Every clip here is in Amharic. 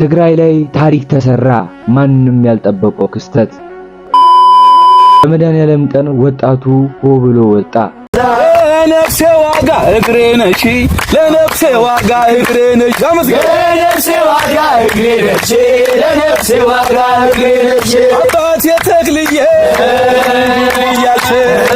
ትግራይ ላይ ታሪክ ተሰራ። ማንም ያልጠበቀው ክስተት። በመድኃኒዓለም ቀን ወጣቱ ሆ ብሎ ወጣ። ለነፍሴ ዋጋ እግሬ ነሽ፣ ለነፍሴ ዋጋ እግሬ ነች። ለነፍሴ ዋጋ እግሬ ለነፍሴ ዋጋ እግሬ እያልሽ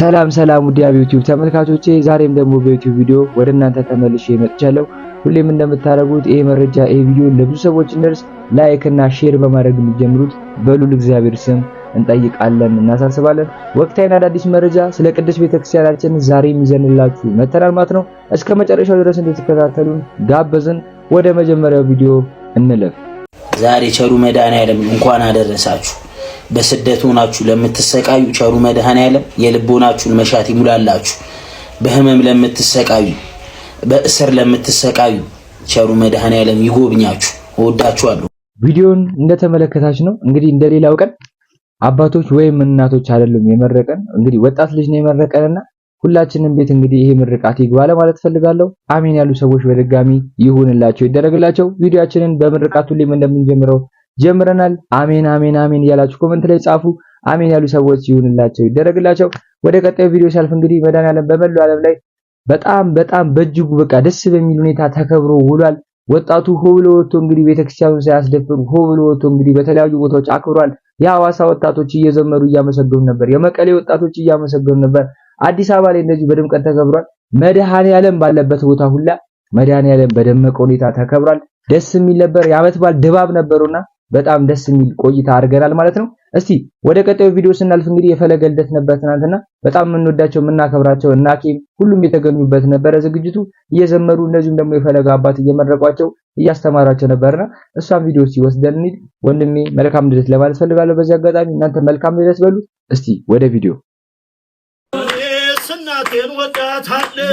ሰላም ሰላም ውድ ዩቲዩብ ተመልካቾቼ፣ ዛሬም ደግሞ በዩቲዩብ ቪዲዮ ወደ እናንተ ተመልሼ መጥቻለሁ። ሁሌም እንደምታደርጉት ይሄ መረጃ ይሄ ቪዲዮ ለብዙ ሰዎች እንደርስ ላይክ እና ሼር በማድረግ የሚጀምሩት በሉል እግዚአብሔር ስም እንጠይቃለን እናሳስባለን። ወቅታዊና አዳዲስ መረጃ ስለ ቅድስት ቤተክርስቲያናችን ዛሬም ይዘንላችሁ መተናል ማለት ነው። እስከ መጨረሻው ድረስ እንድትከታተሉን ጋበዝን። ወደ መጀመሪያው ቪዲዮ እንለፍ። ዛሬ ቸሩ መድኃኔዓለም እንኳን አደረሳችሁ በስደት ሆናችሁ ለምትሰቃዩ ቸሩ መድኃኔዓለም የልቦናችሁን መሻት ይሙላላችሁ። በህመም ለምትሰቃዩ፣ በእስር ለምትሰቃዩ ቸሩ መድኃኔዓለም ይጎብኛችሁ። እወዳችኋለሁ። ቪዲዮን እንደተመለከታች ነው እንግዲህ እንደሌላው ቀን አባቶች ወይም እናቶች አይደሉም የመረቀን እንግዲህ ወጣት ልጅ ነው የመረቀንና ሁላችንም ቤት እንግዲህ ይሄ ምርቃት ይግባ ለማለት ፈልጋለሁ። አሜን ያሉ ሰዎች በድጋሚ ይሁንላቸው፣ ይደረግላቸው። ቪዲዮአችንን በምርቃቱ ላይም እንደምንጀምረው ጀምረናል። አሜን አሜን አሜን እያላችሁ ኮመንት ላይ ጻፉ። አሜን ያሉ ሰዎች ይሁንላቸው፣ ይደረግላቸው። ወደ ቀጣዩ ቪዲዮ ሳልፍ እንግዲህ መድኃኒዓለም በመላው ዓለም ላይ በጣም በጣም በእጅጉ በቃ ደስ በሚል ሁኔታ ተከብሮ ውሏል። ወጣቱ ሆ ብሎ ወጥቶ እንግዲህ ቤተክርስቲያኑን ሳያስደፍሩ ሆ ብሎ ወጥቶ እንግዲህ በተለያዩ ቦታዎች አክብሯል። የሐዋሳ ወጣቶች እየዘመሩ እያመሰገኑ ነበር። የመቀሌ ወጣቶች እያመሰገኑ ነበር። አዲስ አበባ ላይ እንደዚሁ በድምቀት ተከብሯል። መድኃኒዓለም ባለበት ቦታ ሁላ መድኃኒዓለም በደመቀ ሁኔታ ተከብሯል። ደስ የሚል ነበር። የዓመት በዓል ድባብ ነበሩና በጣም ደስ የሚል ቆይታ አድርገናል ማለት ነው። እስቲ ወደ ቀጣዩ ቪዲዮ ስናልፍ እንግዲህ የፈለገ ልደት ነበር ትናንትና። በጣም የምንወዳቸው የምናከብራቸው እና ኬም ሁሉም የተገኙበት ነበረ። ዝግጅቱ እየዘመሩ እንደዚሁም ደግሞ የፈለገ አባት እየመረቋቸው እያስተማራቸው ነበርና እሷን ቪዲዮ ሲወስደን ወንድሜ መልካም ልደት ለማለት ፈልጋለሁ። በዚህ አጋጣሚ እናንተ መልካም ልደት በሉት። እስቲ ወደ ቪዲዮ ስናቴን ወዳታለን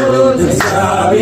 እግዚአብሔር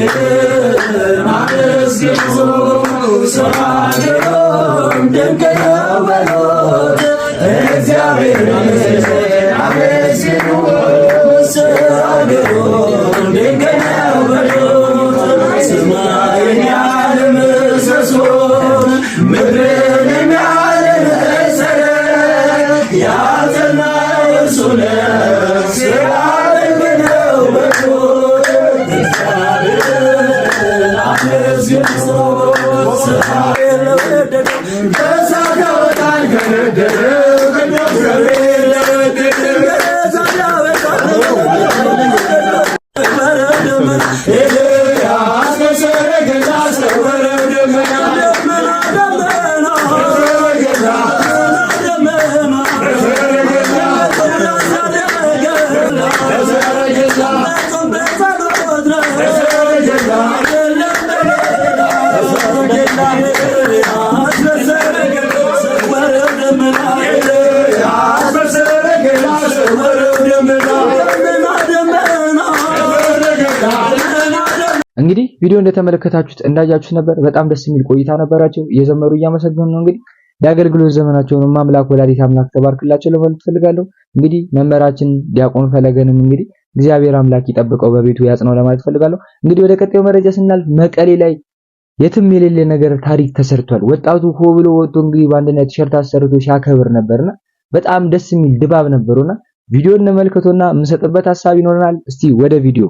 እንግዲህ ቪዲዮ እንደተመለከታችሁት እንዳያችሁት ነበር። በጣም ደስ የሚል ቆይታ ነበራቸው። እየዘመሩ እያመሰገኑ ነው። እንግዲህ የአገልግሎት ዘመናቸውን አምላክ ወላዲት አምላክ ተባርክላቸው ለማለት ፈልጋለሁ። እንግዲህ መምህራችን ዲያቆን ፈለገንም እንግዲህ እግዚአብሔር አምላክ ይጠብቀው በቤቱ ያጽነው ለማለት ፈልጋለሁ። እንግዲህ ወደ ቀጣዩ መረጃ ስናልፍ መቀሌ ላይ የትም የሌለ ነገር ታሪክ ተሰርቷል። ወጣቱ ሆ ብሎ ወጥቶ እንግዲህ በአንድነት ቲሸርት አሰርቶ ሲያከብር ነበርና በጣም ደስ የሚል ድባብ ነበሩና ቪዲዮ እንመልከቶና የምንሰጥበት ሀሳብ ይኖረናል። እስቲ ወደ ቪዲዮ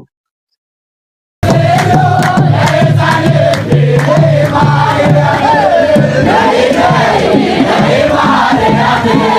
Happy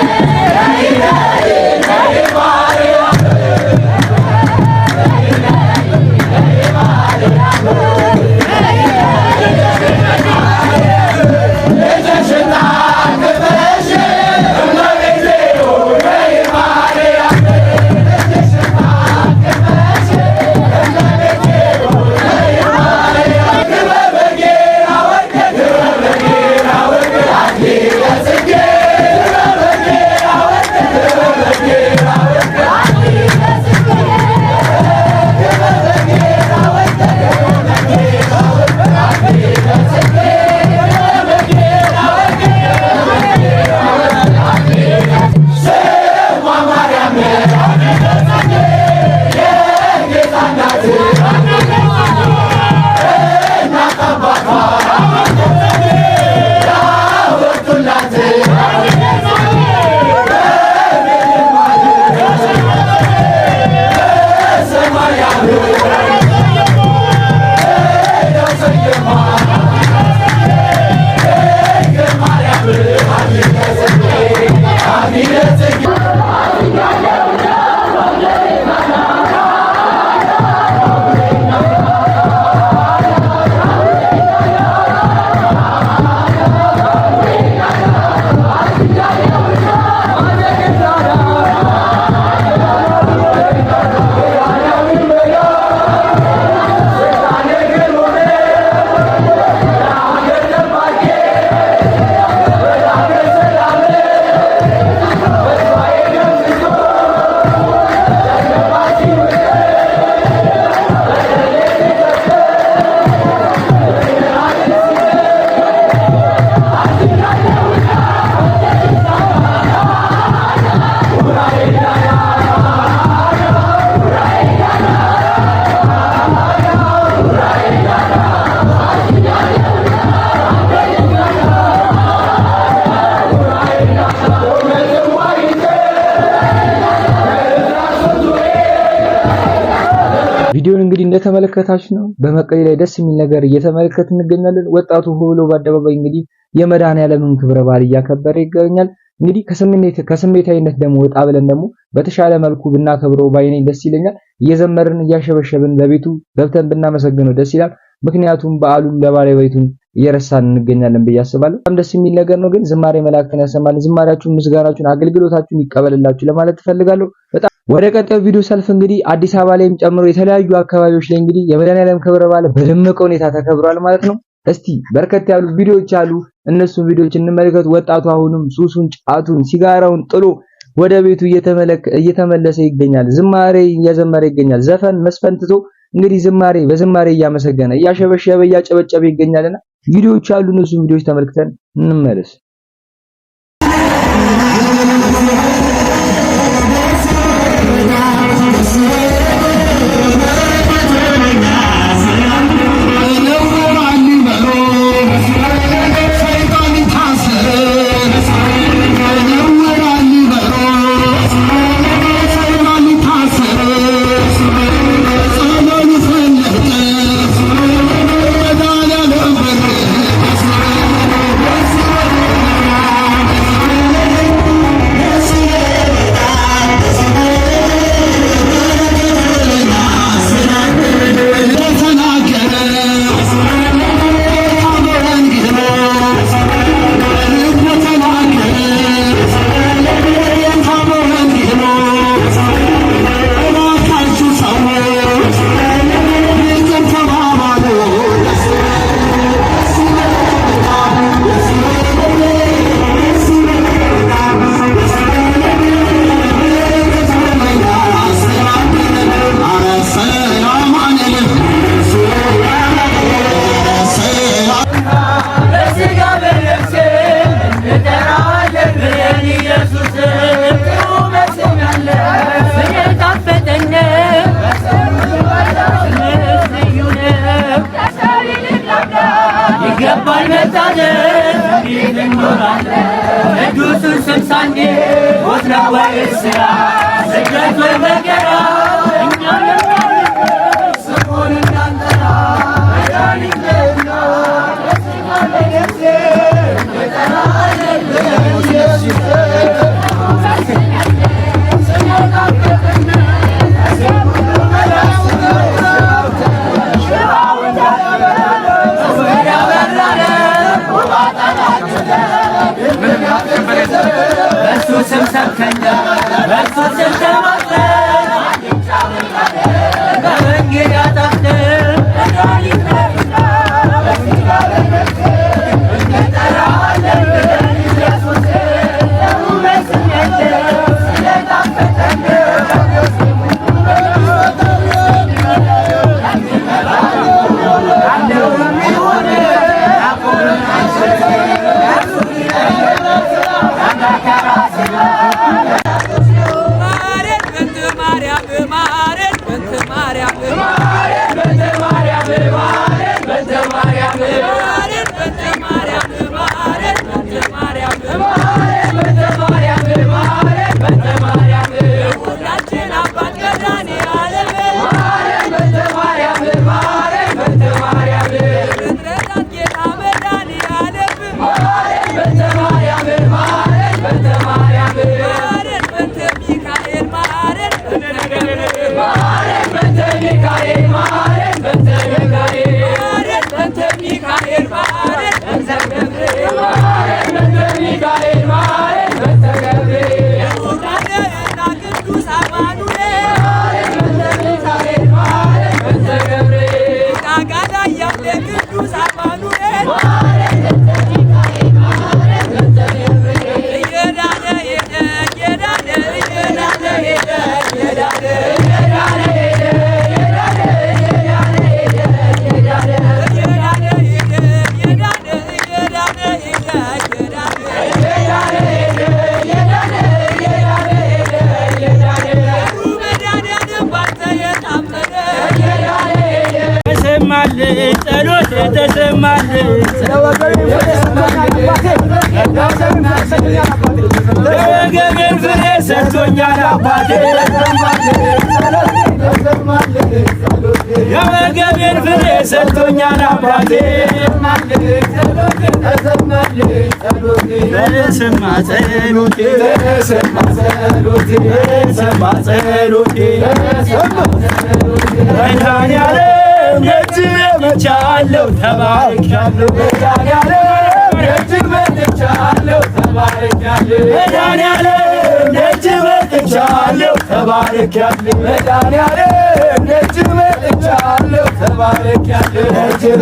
እየተመለከታች ነው። በመቀሌ ላይ ደስ የሚል ነገር እየተመለከት እንገኛለን። ወጣቱ ሆ ብሎ በአደባባይ እንግዲህ ያለምን ክብረ በዓል እያከበረ ይገኛል። እንግዲህ ከስሜታዊነት ደግሞ ወጣ ብለን ደግሞ በተሻለ መልኩ ብናከብረው ባይነኝ ደስ ይለኛል። እየዘመርን እያሸበሸብን በቤቱ ገብተን ብናመሰግነው ደስ ይላል። ምክንያቱም በዓሉን ለባለቤቱን እየረሳን እንገኛለን ብዬ አስባለሁ። በጣም ደስ የሚል ነገር ነው። ግን ዝማሬ መላእክትን ያሰማልን፣ ዝማሬያችሁን፣ ምስጋናችሁን፣ አገልግሎታችሁን ይቀበልላችሁ ለማለት ትፈልጋለሁ። በጣም ወደ ቀጣዩ ቪዲዮ ሰልፍ እንግዲህ አዲስ አበባ ላይም ጨምሮ የተለያዩ አካባቢዎች ላይ እንግዲህ የመድኃኒዓለም ክብረ በዓል በደመቀ ሁኔታ ተከብሯል ማለት ነው። እስቲ በርከት ያሉ ቪዲዮዎች አሉ። እነሱን ቪዲዮዎች እንመልከት። ወጣቱ አሁንም ሱሱን፣ ጫቱን፣ ሲጋራውን ጥሎ ወደ ቤቱ እየተመለሰ ይገኛል። ዝማሬ እያዘመረ ይገኛል። ዘፈን መስፈንትቶ እንግዲህ ዝማሬ በዝማሬ እያመሰገነ እያሸበሸበ እያጨበጨበ ይገኛልና ቪዲዮዎች አሉ። እነሱን ቪዲዮዎች ተመልክተን እንመለስ። ቅዱስን ስም ሳንል ሞትና ወይ ስራ ስደት ወይ መከራ Yeah. ስም ሰብከኛ ለወገቤን ፍሬ ሰጥቶኛል አባቴ የወገቤን ፍሬ ሰጥቶኛል አባቴ ተሰማ ጸሎቴ ተሰማ ጸሎቴ መድኃኔዓለም እጅግ መጥቻለሁ ተባርኬያለሁ መድኃኒዓለም እጅግ መጥቻለሁ ተባርኬያለሁ መድኃኒዓለም እጅግ መጥቻለሁ ተባርኬያለሁ መድኃኒዓለም እጅግ መጥቻለሁ ተባርኬያለሁ እጅግ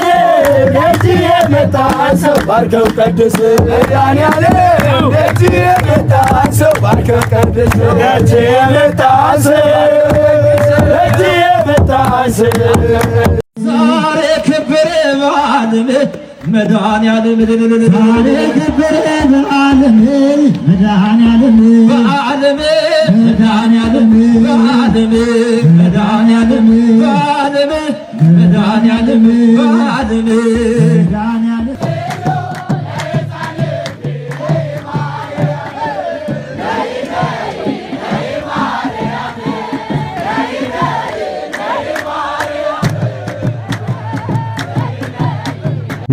የመታን ሰው ባርከው ቀድስ መድኃኒዓለም ዛሬ ክብር በዓለም መድኃኒዓለም ዛሬ ክብር በዓለም መድኃኒዓለም በዓለም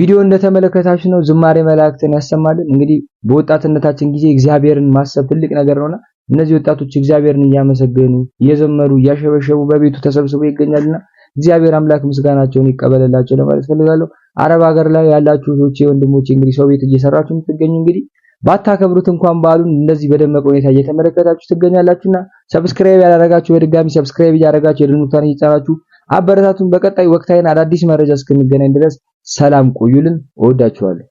ቪዲዮ እንደተመለከታችሁ ነው ዝማሬ መላእክትን ያሰማልን። እንግዲህ በወጣትነታችን ጊዜ እግዚአብሔርን ማሰብ ትልቅ ነገር ነውና እነዚህ ወጣቶች እግዚአብሔርን እያመሰገኑ እየዘመሩ እያሸበሸቡ በቤቱ ተሰብስበው ይገኛሉና እግዚአብሔር አምላክ ምስጋናቸውን ይቀበልላቸው ለማለት ፈልጋለሁ። አረብ ሀገር ላይ ያላችሁ እህቶቼ ወንድሞች፣ እንግዲህ ሰው ቤት እየሰራችሁ የምትገኙ እንግዲህ ባታከብሩት እንኳን በዓሉን እንደዚህ በደመቀ ሁኔታ እየተመለከታችሁ ትገኛላችሁና ሰብስክራይብ ያደረጋችሁ በድጋሚ ሰብስክራይብ እያደረጋችሁ የድኑታን እየጫናችሁ አበረታቱን። በቀጣይ ወቅታዊን አዳዲስ መረጃ እስክንገናኝ ድረስ ሰላም ቆዩልን። እወዳችኋለሁ።